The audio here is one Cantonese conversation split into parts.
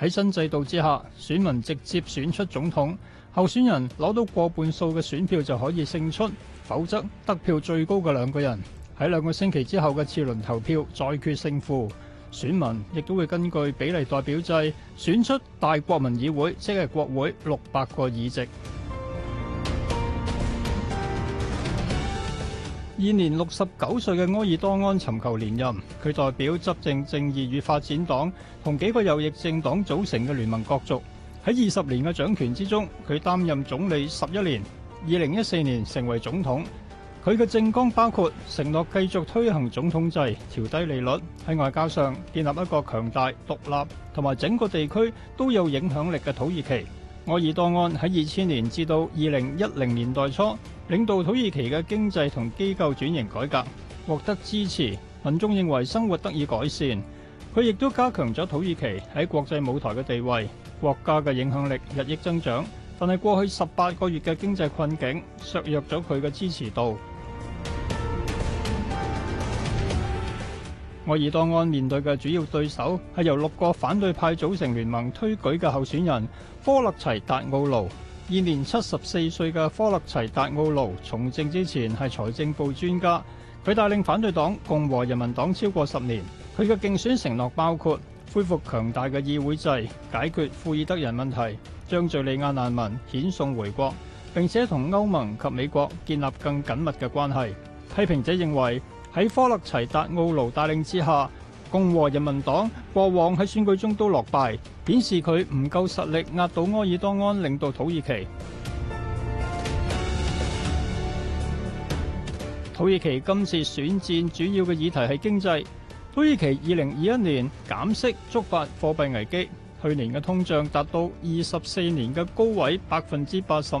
喺新制度之下，選民直接選出總統，候選人攞到過半數嘅選票就可以勝出，否則得票最高嘅兩個人喺兩個星期之後嘅次輪投票再決勝負，選民亦都會根據比例代表制選出大國民議會，即係國會六百個議席。現年六十九歲嘅埃爾多安尋求連任，佢代表執政正義與發展黨同幾個右翼政黨組成嘅聯盟角逐。喺二十年嘅掌權之中，佢擔任總理十一年，二零一四年成為總統。佢嘅政綱包括承諾繼續推行總統制、調低利率、喺外交上建立一個強大、獨立同埋整個地區都有影響力嘅土耳其。埃爾多安喺二千年至到二零一零年代初，領導土耳其嘅經濟同機構轉型改革，獲得支持，民眾認為生活得以改善。佢亦都加強咗土耳其喺國際舞台嘅地位，國家嘅影響力日益增長。但係過去十八個月嘅經濟困境削弱咗佢嘅支持度。埃爾多安面對嘅主要對手係由六個反對派組成聯盟推舉嘅候選人科勒齊達奧盧。現年七十四歲嘅科勒齊達奧盧從政之前係財政部專家，佢帶領反對黨共和人民黨超過十年。佢嘅競選承諾包括恢復強大嘅議會制、解決庫爾德人問題、將敘利亞難民遣送回國，並且同歐盟及美國建立更緊密嘅關係。批評者認為，喺科勒齊達奧盧帶領之下，共和人民黨過往喺選舉中都落敗，顯示佢唔夠實力壓倒埃爾多安領導土耳其。土耳其今次選戰主要嘅議題係經濟，土耳其二零二一年減息觸發貨幣危機，去年嘅通脹達到二十四年嘅高位百分之八十五。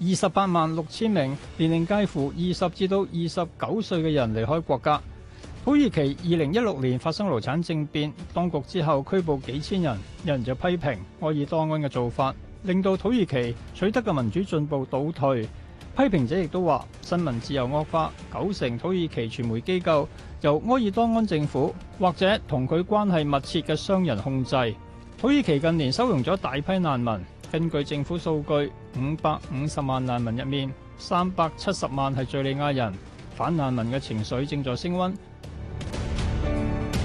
二十八萬六千名年齡介乎二十至到二十九歲嘅人離開國家。土耳其二零一六年發生流產政變，當局之後拘捕幾千人，有人就批評埃爾多安嘅做法，令到土耳其取得嘅民主進步倒退。批評者亦都話新聞自由惡化，九成土耳其傳媒機構由埃爾多安政府或者同佢關係密切嘅商人控制。土耳其近年收容咗大批難民。根據政府數據，五百五十萬難民入面，三百七十萬係敍利亞人。反難民嘅情緒正在升溫。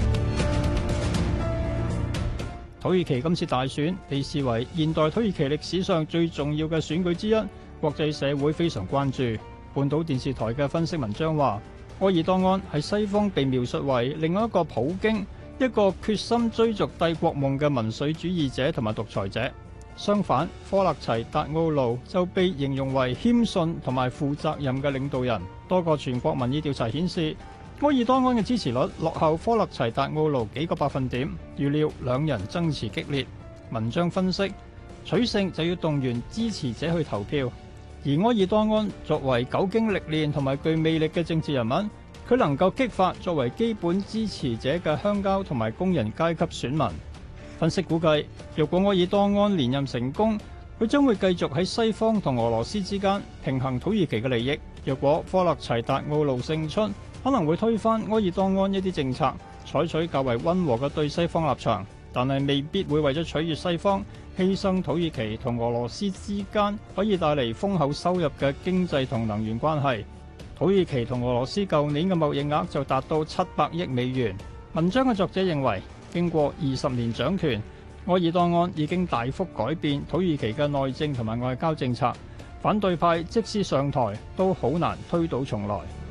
土耳其今次大選被視為現代土耳其歷史上最重要嘅選舉之一，國際社會非常關注。半島電視台嘅分析文章話：埃爾多安係西方被描述為另一個普京，一個決心追逐帝國夢嘅民粹主義者同埋獨裁者。相反，科勒齊達奧盧就被形容為謙遜同埋負責任嘅領導人。多個全國民意調查顯示，埃爾多安嘅支持率落後科勒齊達奧盧幾個百分點，預料兩人爭持激烈。文章分析，取勝就要動員支持者去投票。而埃爾多安作為久經歷練同埋具魅力嘅政治人物，佢能夠激發作為基本支持者嘅鄉郊同埋工人階級選民。分析估計，若果埃爾多安連任成功，佢將會繼續喺西方同俄羅斯之間平衡土耳其嘅利益；若果科勒齊達奧盧勝出，可能會推翻埃爾多安一啲政策，採取較為溫和嘅對西方立場，但係未必會為咗取悅西方犧牲土耳其同俄羅斯之間可以帶嚟豐厚收入嘅經濟同能源關係。土耳其同俄羅斯舊年嘅貿易額就達到七百億美元。文章嘅作者認為。經過二十年掌權，埃爾多安已經大幅改變土耳其嘅內政同埋外交政策，反對派即使上台都好難推倒重來。